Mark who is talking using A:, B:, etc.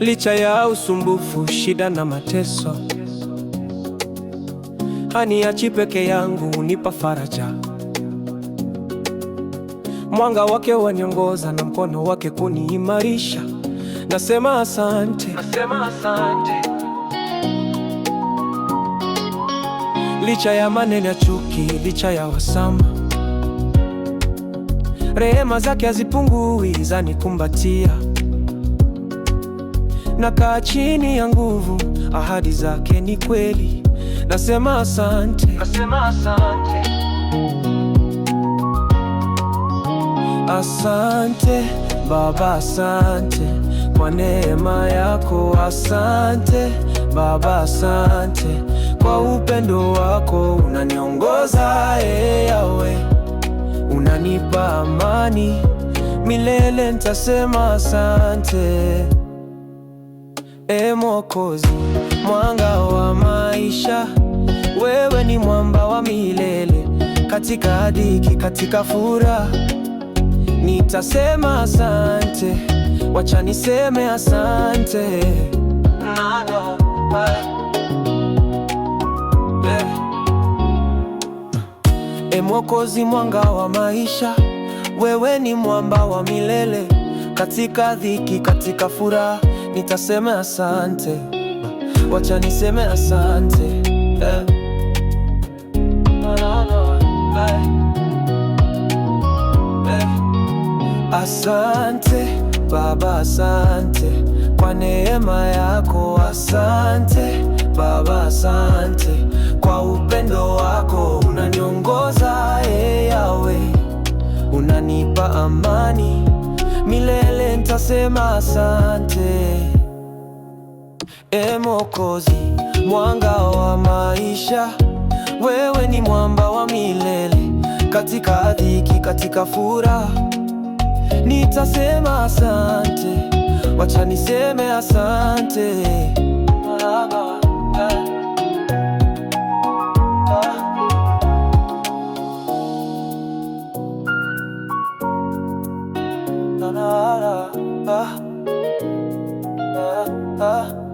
A: licha ya usumbufu, shida na mateso, haniachi peke yangu, unipa faraja. Mwanga wake waniongoza na mkono wake kuniimarisha. Nasema asante, nasema asante, licha ya maneno ya chuki, licha ya wasama Rehema zake hazipungui, zanikumbatia nakaa chini ya nguvu, ahadi zake ni kweli. Nasema asante, nasema asante, asante Baba, asante kwa neema yako, asante Baba, asante kwa upendo wako, unaniongoza e Yawe, unanipa amani milele, nitasema asante. E Mwokozi, mwanga wa maisha, wewe ni mwamba wa milele. Katika dhiki, katika furaha, nitasema asante. Wacha niseme asante Nana, eh. E Mwokozi, mwanga wa maisha, wewe ni mwamba wa milele, katika dhiki, katika furaha nitaseme asante, wacha niseme asante eh. Eh. eh. Asante Baba, asante kwa neema yako, asante Baba, asante kwa upendo wako, unaniongoza eyawe, eh, unanipa amani milele. Tutasema asante, E Mwokozi, mwanga wa maisha, wewe ni mwamba wa milele, katika dhiki, katika furaha nitasema asante, wacha niseme asante Baba. ah, ah, ah.